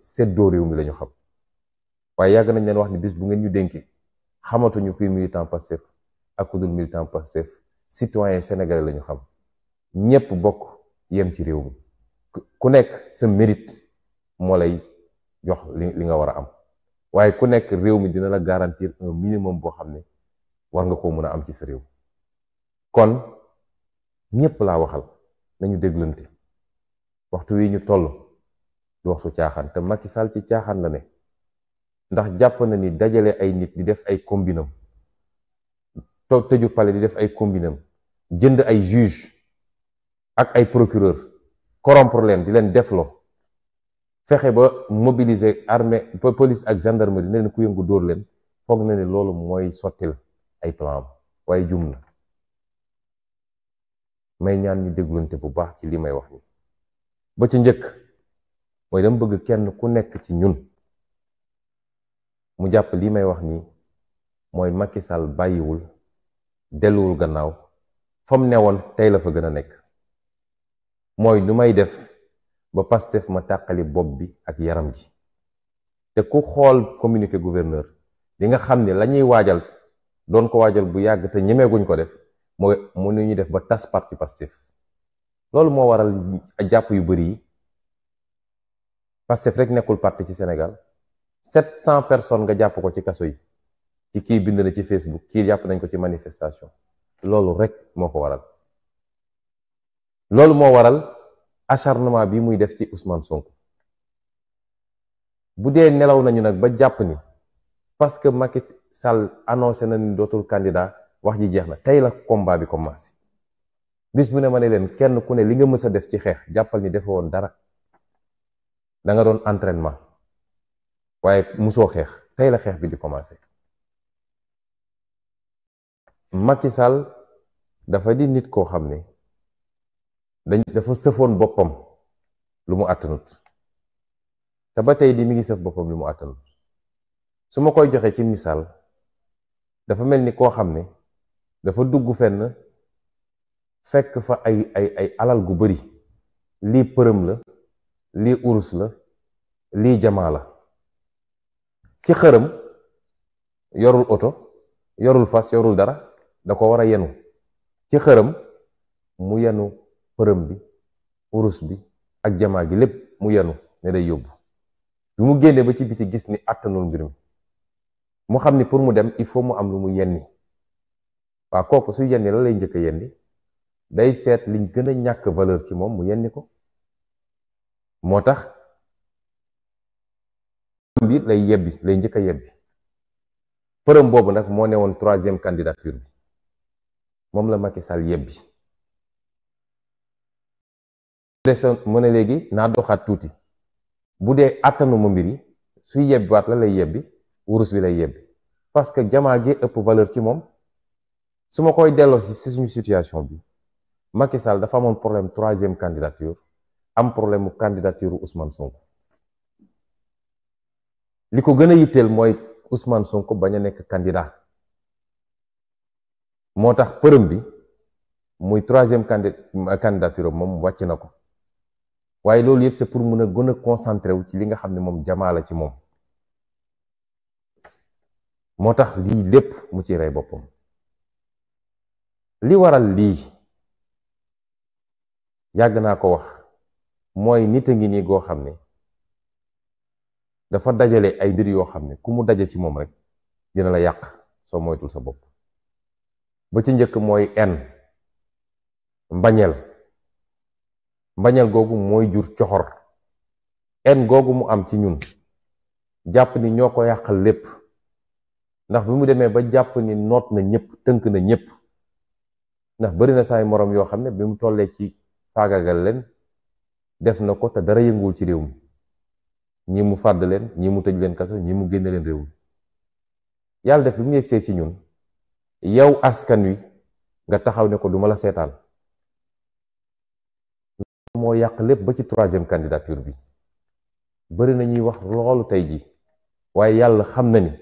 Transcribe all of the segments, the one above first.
seddoo réew mi la xam waaye yàgg nañ leen wax ni bis bu ngeen ñu dénkee xamatuñu kuy militant Pastef ak ku dul militant Pastef citoyen sénégalais la ñu xam ñépp bokk yem ci réew mi ku nekk sa mérite moo lay jox li nga war a am waaye ku nekk réew mi dina la garantir un minimum boo xam ne war nga koo mën a am ci sa réew kon ñépp laa waxal nañu déglante waxtu wi ñu toll du waxtu caaxaan te Macky Sall ci caaxaan la ne ndax jàpp na ni dajale ay nit di def ay combinam toog tëju palais di def ay combinam jënd ay juge ak ay procureur corrompre leen di leen deflo fexe ba mobiliser armée police ak gendarmerie ne leen ku yëngu dóor leen foog na ne loolu mooy sottil ay plan waaye jum na may ñaan ñu déglunte bu baax ci li may wax ni ba ci njëkk mooy dama bëgg kenn ku nekk ci ñun mu jàpp lii may wax nii mooy Macky Sall bàyyiwul delluwul gannaaw fa mu newoon tey la fa gën a nekk mooy nu may def ba Pastef ma tàqali bopp bi ak yaram ji te ku xool communiqué gouverneur li nga xam ni la ñuy waajal doon ko waajal bu yàgg te ñemeeguñ ko def mooy mu nu ñuy def ba tas parti Pastef loolu moo waral jàpp yu bari yi Pastef rek nekkul parti ci Sénégal sept cent personnes nga jàpp ko ci kaso yi ci kii bind na ci Facebook kii jàpp nañ ko ci manifestation loolu rek moo ko waral loolu moo waral acharnement bi muy def ci Ousmane Sonko bu dee nelaw nañu nag ba jàpp ni parce que Macky Sall annoncé na ni dootul candidat wax ji jeex na tey la combat bi commencé bis bu ne ma ne leen kenn ku ne li nga mës a def ci xeex jàppal ni defe woon dara da nga doon entraînement waaye musoo xeex tey la xeex bi di commencer Macky Sall dafa di nit koo xam ne dañ dafa sëfoon boppam lu mu àttanut te ba tey di mi ngi sëf boppam lu mu àttanut su ma koy joxee ci missaal dafa mel ni koo xam ne dafa dugg fenn fekk fa ay ay ay alal gu bari lii përëm la lii urus la lii jamaa la ki xërëm yorul oto yorul fas yorul dara da ko war a yenu ci xërëm mu yenu përëm bi urus bi ak jamaa gi lépp mu yenu ne day yóbbu bi mu génnee ba ci biti gis ni àttanul mbir mu xam ni pour mu dem il faut mu am lu mu yenni waa kooku su yenni la lay njëkk a yenni day seet liñ gën ñàkk valeur ci moom mu yenni ko moo tax bi lay yebbi lay njëkk a yebbi përëm boobu nag moo ne woon troisième candidature bi moom la Macky Sall yebbi desoon mu ne léegi naa doxaat tuuti bu dee àttanuma mbir yi su waat la lay yebbi wurus bi lay yebbi parce que jamaa gi ëpp valeur ci moom su ma koy delloo si suñu situation bi Macky dafa moom problème troisième candidature am problème mu candidature Ousmane Sonko li ko gën a yitteel mooy Ousmane Sonko bañ a nekk candidat moo tax përëm bi muy troisième candidature moom wàcc na ko waaye loolu yëpp c'est pour mën a gën a concentré wu ci li nga xam ne moom jamaa la ci moom moo tax lii lépp mu ci rey boppam li waral lii yàgg naa ko wax. mooy nit a ngi nii goo xam ne dafa dajale ay mbir yoo xam ne ku mu daje ci moom rek dina la yàq soo moytul sa bopp ba ci njëkk mooy en mbañeel mbañeel googu mooy jur coxor en googu mu am ci ñun jàpp ni ñoo ko yàqal lépp ndax bi mu demee ba jàpp ni noot na ñëpp tënk na ñëpp ndax bari na saay moroom yoo xam ne bi mu tollee ci faagagal leen def na ko te dara yënguwul ci réew mi ñi mu fàdd leen ñi mu tëj leen kaso ñii mu génn leen réew mi yàlla def bi mu yegsee ci ñun yow askan wi nga taxaw ne ko du ma la seetaan moo yàq lépp ba ci troisième candidature bi bëri na ñuy wax loolu tey ji waaye yàlla xam na ni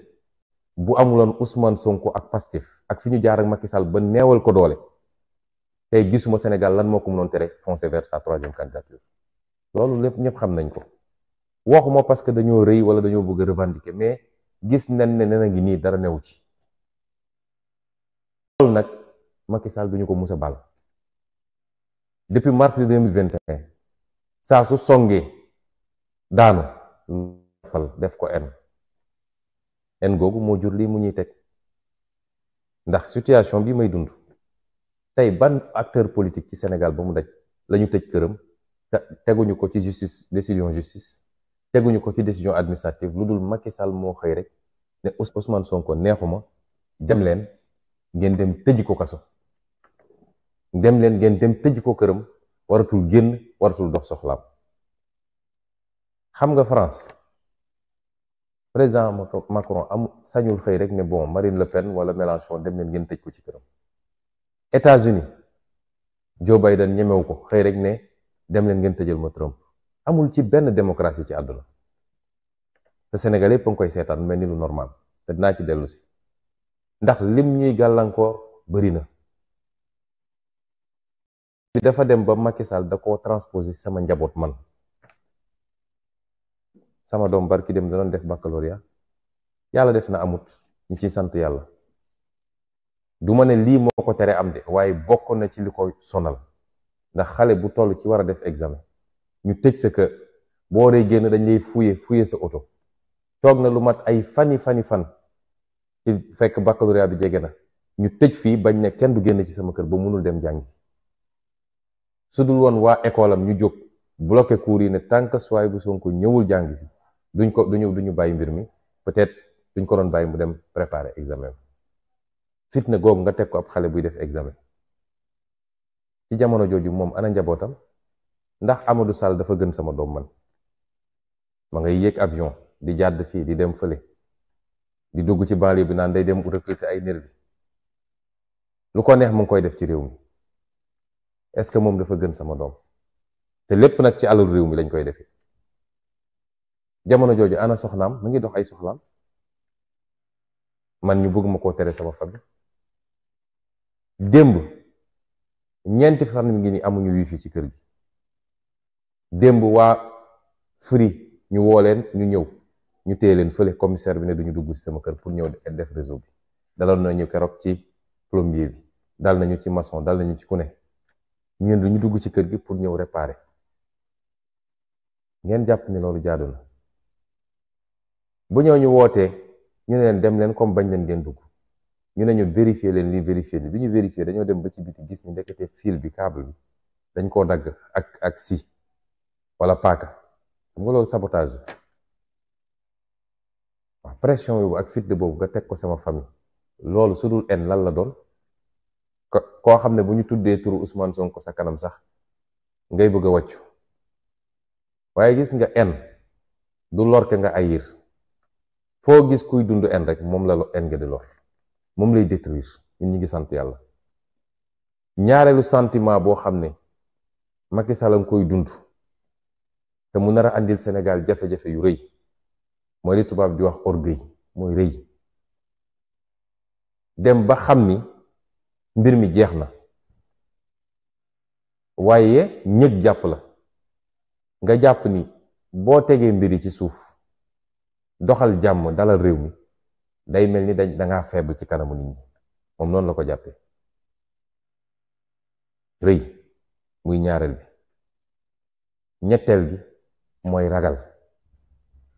bu amuloon Ousmane Sonko ak Pastef ak fi ñu jaar ak Macky Sall ba neewal ko doole tey gisuma Sénégal lan moo ko mënoon tere foncer vers sa troisième candidature loolu lépp ñëpp xam nañ ko waxuma parce que dañoo rëy wala dañoo bëgg a mais gis nañ ne nee na ngi nii dara newu ci loolu nag Macky Sall duñu ko mus a baal depuis mars 2021 saa su songee daanu pal def ko en en googu moo jur lii mu ñuy teg ndax situation bi may dund tey ban acteur politique ci Sénégal ba mu daj lañu tëj këram teguñu ko ci justice décision justice teguñu ko ci décision administrative lu dul makki sal moo xëy rek ne Ousmane Sonko neexuma dem leen ngeen dem tëj ko kaso dem leen ngeen dem tëj ko këram waratul génn waratul dox soxlaam xam nga France président Macron am sañul xëy rek ne bon Marine Le Pen wala Mélenchon dem leen ngeen tëj ko ci këram États-Unis Joe Biden ñemewu ko xëy rek ne dem leen ngeen tëjal ma Trump amul ci benn démocratie ci àdduna te Sénégal yëpp a ngi koy seetaan mel ni lu normal te dinaa ci dellusi ndax lim ñuy gàllankoor bëri na bi dafa dem ba Macky Sall da ko transposé sama njaboot man sama doom barki dem da def baccalauréat yàlla def na amut ñu ciy sant yàlla du ma ne lii moo ko tere am de waaye bokk na ci li ko la ndax xale bu toll ci war a def examen ñu tëj sa kër boo dee génn dañ lay fuye fuye sa oto toog na lu mat ay fani fani fan ci fekk baccalauréat bi jege na ñu tëj fii bañ ne kenn du génn ci sama kër ba mënul dem jàngi su dul woon waa école am ñu jóg bloqué cours yi ne tant que Souhaïbou bu sunk ñëwul jàngi si duñ ko duñu duñu bàyyi mbir mi peut-être duñ ko doon bàyyi mu dem préparer examen fitna googu nga teg ko ab xale buy def examen ci jamono jooju moom ana njabootam ndax Amadou Sall dafa gën sama doom man ma ngay yéeg avion di jàdd fii di dem fële di dugg ci banlieue bi naan day dem recruter ay nervi lu ko neex mu ngi koy def ci réew mi est-ce que moom dafa gën sama doom te lépp nag ci alalu réew mi lañ koy defee jamono jooju ana soxnaam mu ngi dox ay soxlaam man ñu bëgg ma koo tere sama famille démb ñeenti fan mi ngi ni amuñu wifi ci kër gi démb waa Free ñu woo leen ñu ñëw ñu téye leen fële commissaire bi ne duñu dugg ci sama kër pour ñëw def réseau bi daloon nañu keroog ci plombier bi dal nañu ci maçon dal nañu ci ku ne ñun duñu dugg ci kër gi pour ñëw réparer ngeen jàpp ni loolu jaadu na bu ñëw ñu wootee ñu ne leen dem leen comme bañ leen ngeen dugg ñu ne ñu vérifier leen lii vérifier ni bi ñu vérifier dañoo dem ba ci biti gis ni ndekete fil bi câble bi dañ koo dagg ak ak si walla paaka xam loolu sabotage waa pression yoobu ak fit de boobu nga teg ko sama famille loolu su dul en lan la doon koo xam ne bu ñu tuddee turu Ousmane Sonko sa kanam sax ngay bëgg a wàccu waaye gis nga en du lor ke nga ayir foo gis kuy dund en rek moom la en nga di lor moom lay détruire ñun ñu ngi sant yàlla ñaareelu santiment boo xam ne Macky Sall nga koy dund te mu nar a àndil Sénégal jafe-jafe yu rëy mooy li tubaab di wax orgueil mooy rëy dem ba xam ni mbir mi jeex na waaye ñëg jàpp la nga jàpp ni boo tegee mbir yi ci suuf doxal jàmm dalal réew mi day mel ni dañ danga faible ci kanamu nit ñi moom noonu la ko jàppee rëy muy ñaareel bi ñetteel bi mooy ragal